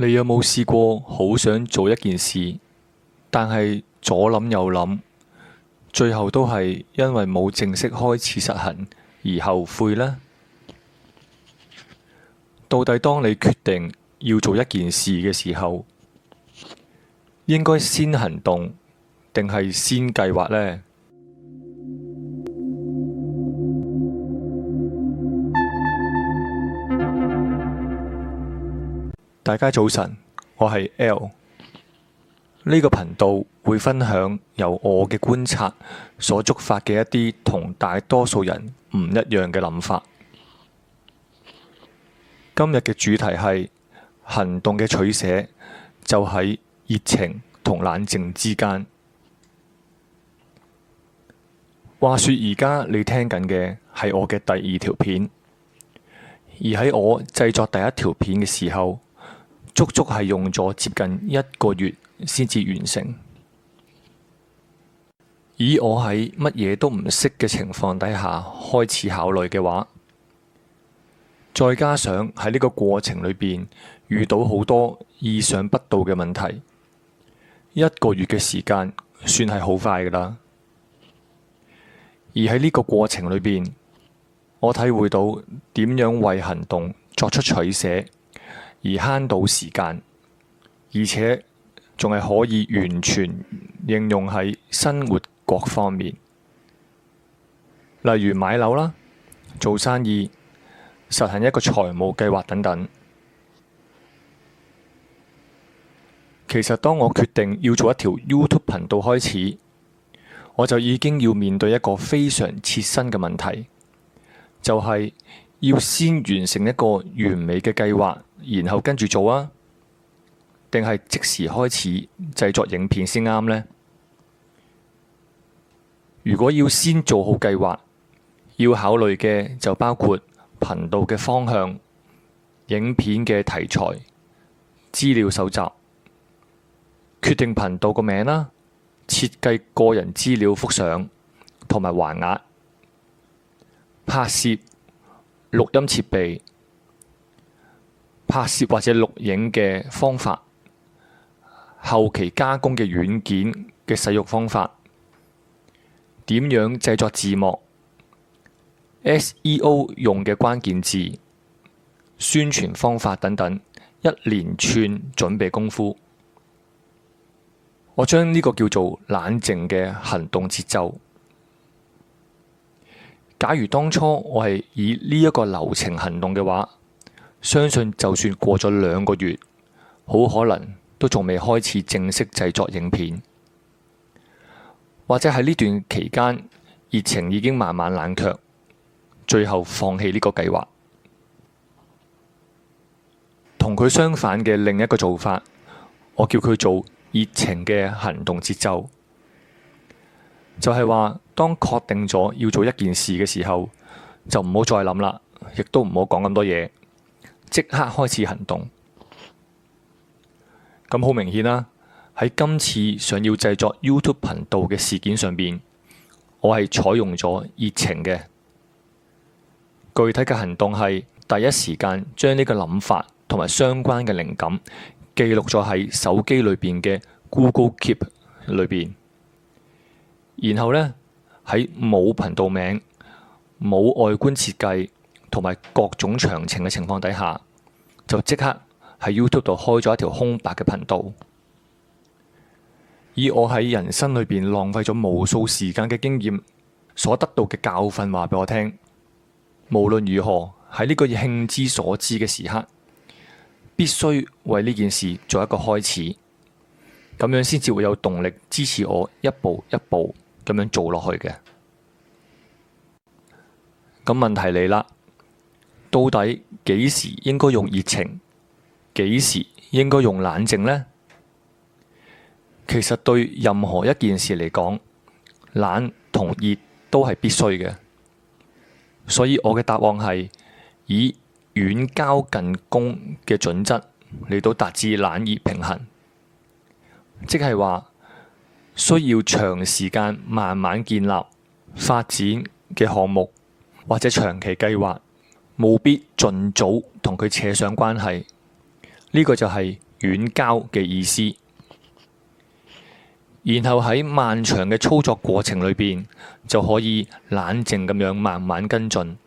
你有冇試過好想做一件事，但係左諗右諗，最後都係因為冇正式開始實行而後悔呢？到底當你決定要做一件事嘅時候，應該先行動，定係先計劃呢？大家早晨，我係 L 呢，這個頻道會分享由我嘅觀察所觸發嘅一啲同大多數人唔一樣嘅諗法。今日嘅主題係行動嘅取捨，就喺熱情同冷靜之間。話說而家你聽緊嘅係我嘅第二條片，而喺我製作第一條片嘅時候。足足係用咗接近一個月先至完成。以我喺乜嘢都唔識嘅情況底下開始考慮嘅話，再加上喺呢個過程裏邊遇到好多意想不到嘅問題，一個月嘅時間算係好快㗎喇。而喺呢個過程裏邊，我體會到點樣為行動作出取捨。而慳到時間，而且仲係可以完全應用喺生活各方面，例如買樓啦、做生意、實行一個財務計劃等等。其實當我決定要做一條 YouTube 頻道開始，我就已經要面對一個非常切身嘅問題，就係，要先完成一個完美嘅計劃，然後跟住做啊，定係即時開始製作影片先啱呢？如果要先做好計劃，要考慮嘅就包括頻道嘅方向、影片嘅題材、資料搜集、決定頻道個名啦、設計個人資料幅相同埋橫額、拍攝、錄音設備、拍攝或者錄影嘅方法、後期加工嘅軟件嘅使用方法、點樣製作字幕、SEO 用嘅關鍵字、宣傳方法等等，一連串準備功夫，我將呢個叫做冷靜嘅行動節奏。假如當初我係以呢一個流程行動嘅話，相信就算過咗兩個月，好可能都仲未開始正式製作影片，或者喺呢段期間，熱情已經慢慢冷卻，最後放棄呢個計劃。同佢相反嘅另一個做法，我叫佢做熱情嘅行動節奏。就係話，當確定咗要做一件事嘅時候，就唔好再諗啦，亦都唔好講咁多嘢，即刻開始行動。咁好明顯啦，喺今次想要製作 YouTube 頻道嘅事件上邊，我係採用咗熱情嘅，具體嘅行動係第一時間將呢個諗法同埋相關嘅靈感記錄咗喺手機裏邊嘅 Google Keep 裏邊。然後呢，喺冇頻道名、冇外觀設計同埋各種詳情嘅情況底下，就即刻喺 YouTube 度開咗一條空白嘅頻道。以我喺人生裏邊浪費咗無數時間嘅經驗所得到嘅教訓話畀我聽，無論如何喺呢個要興之所至嘅時刻，必須為呢件事做一個開始，咁樣先至會有動力支持我一步一步，咁樣做落去嘅。咁問題嚟啦，到底幾時應該用熱情，幾時應該用冷靜呢？其實對任何一件事嚟講，冷同熱都係必須嘅，所以我嘅答案係以遠交近攻嘅準則嚟，到達至冷熱平衡，即係話。需要長時間慢慢建立發展嘅項目，或者長期計劃，務必盡早同佢扯上關係。呢個就係遠交嘅意思。然後喺漫長嘅操作過程裏邊，就可以冷靜咁樣慢慢跟進。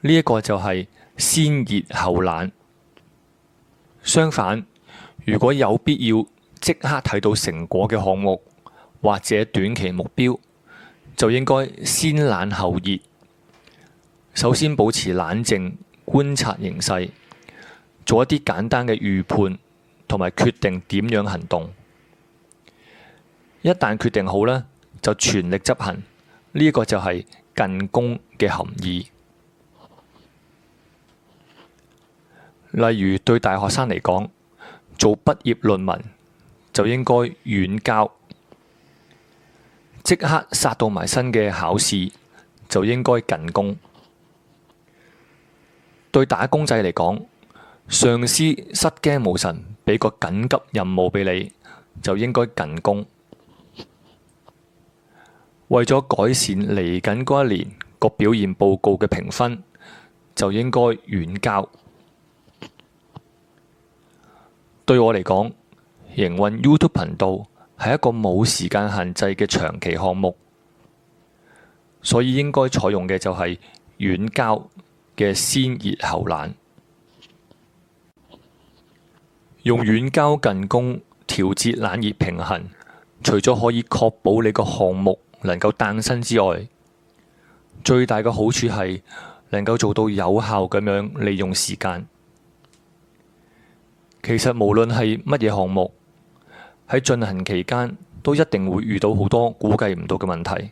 呢一個就係先熱後冷。相反，如果有必要。即刻睇到成果嘅項目或者短期目標，就應該先冷後熱。首先保持冷靜，觀察形勢，做一啲簡單嘅預判，同埋決定點樣行動。一旦決定好呢，就全力執行。呢、呢個就係近攻嘅含義。例如對大學生嚟講，做畢業論文。就應該遠交，即刻殺到埋身嘅考試就應該近攻。對打工仔嚟講，上司失驚無神，俾個緊急任務俾你就應該近攻。為咗改善嚟緊嗰一年個表現報告嘅評分，就應該遠交。對我嚟講。營運 YouTube 頻道係一個冇時間限制嘅長期項目，所以應該採用嘅就係遠交嘅先熱後冷，用遠交近攻調節冷熱平衡。除咗可以確保你個項目能夠誕生之外，最大嘅好處係能夠做到有效咁樣利用時間。其實無論係乜嘢項目。喺進行期間，都一定會遇到好多估計唔到嘅問題。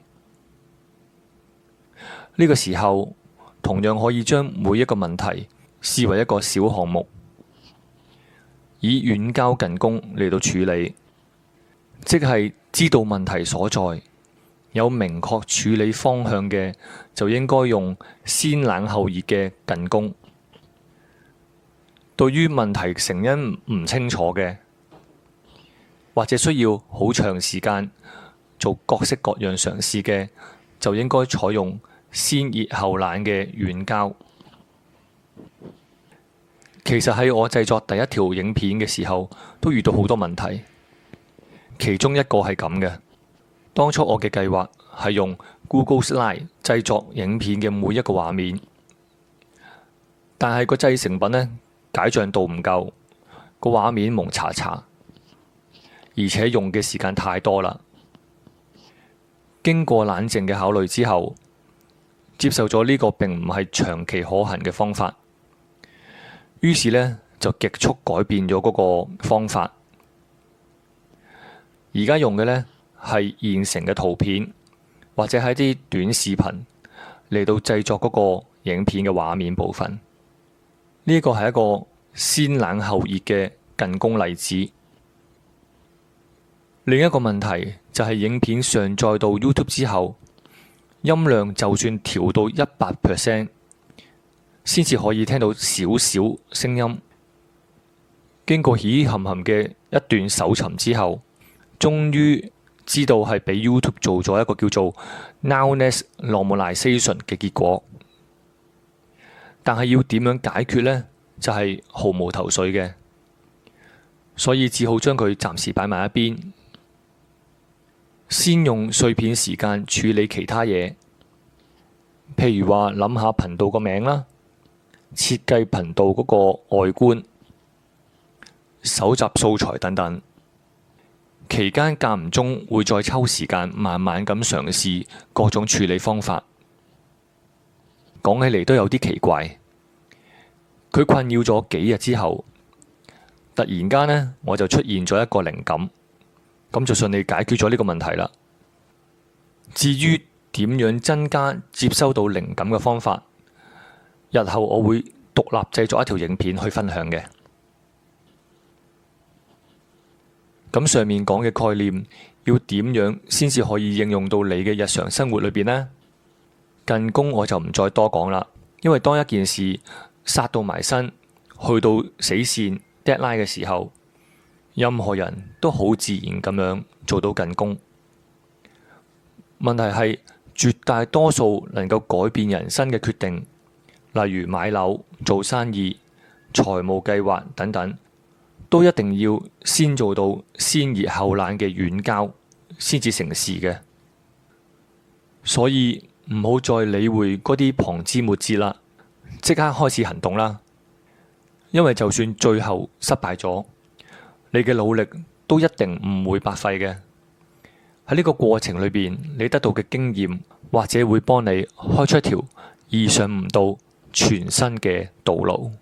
呢個時候，同樣可以將每一個問題視為一個小項目，以遠交近攻嚟到處理。即係知道問題所在，有明確處理方向嘅，就應該用先冷後熱嘅近攻。對於問題成因唔清楚嘅，或者需要好長時間做各式各樣嘗試嘅，就應該採用先熱後冷嘅軟膠。其實喺我製作第一條影片嘅時候，都遇到好多問題。其中一個係咁嘅：當初我嘅計劃係用 Google Slide 製作影片嘅每一個畫面，但係個製成品呢，解像度唔夠，個畫面蒙查查。而且用嘅時間太多啦。經過冷靜嘅考慮之後，接受咗呢個並唔係長期可行嘅方法。於是呢就極速改變咗嗰個方法。而家用嘅呢係現成嘅圖片，或者係啲短視頻嚟到製作嗰個影片嘅畫面部分。呢個係一個先冷後熱嘅近攻例子。另一個問題就係影片上載到 YouTube 之後，音量就算調到一百 percent，先至可以聽到少少聲音。經過起起冚冚嘅一段搜尋之後，終於知道係畀 YouTube 做咗一個叫做 Nowness Normalization 嘅結果，但係要點樣解決呢？就係毫無頭緒嘅，所以只好將佢暫時擺埋一邊。先用碎片時間處理其他嘢，譬如話諗下頻道個名啦，設計頻道嗰個外觀，搜集素材等等。期間間唔中會再抽時間慢慢咁嘗試各種處理方法。講起嚟都有啲奇怪。佢困擾咗幾日之後，突然間呢，我就出現咗一個靈感。咁就順利解決咗呢個問題啦。至於點樣增加接收到靈感嘅方法，日後我會獨立製作一條影片去分享嘅。咁上面講嘅概念，要點樣先至可以應用到你嘅日常生活裏邊呢？近攻我就唔再多講啦，因為當一件事殺到埋身，去到死線 deadline 嘅時候，任何人都好自然咁樣做到近攻。問題係，絕大多數能夠改變人生嘅決定，例如買樓、做生意、財務計劃等等，都一定要先做到先熱後冷嘅遠交，先至成事嘅。所以唔好再理會嗰啲旁枝末節啦，即刻開始行動啦。因為就算最後失敗咗。你嘅努力都一定唔會白費嘅。喺呢個過程裏邊，你得到嘅經驗，或者會幫你開出一條意想唔到全新嘅道路。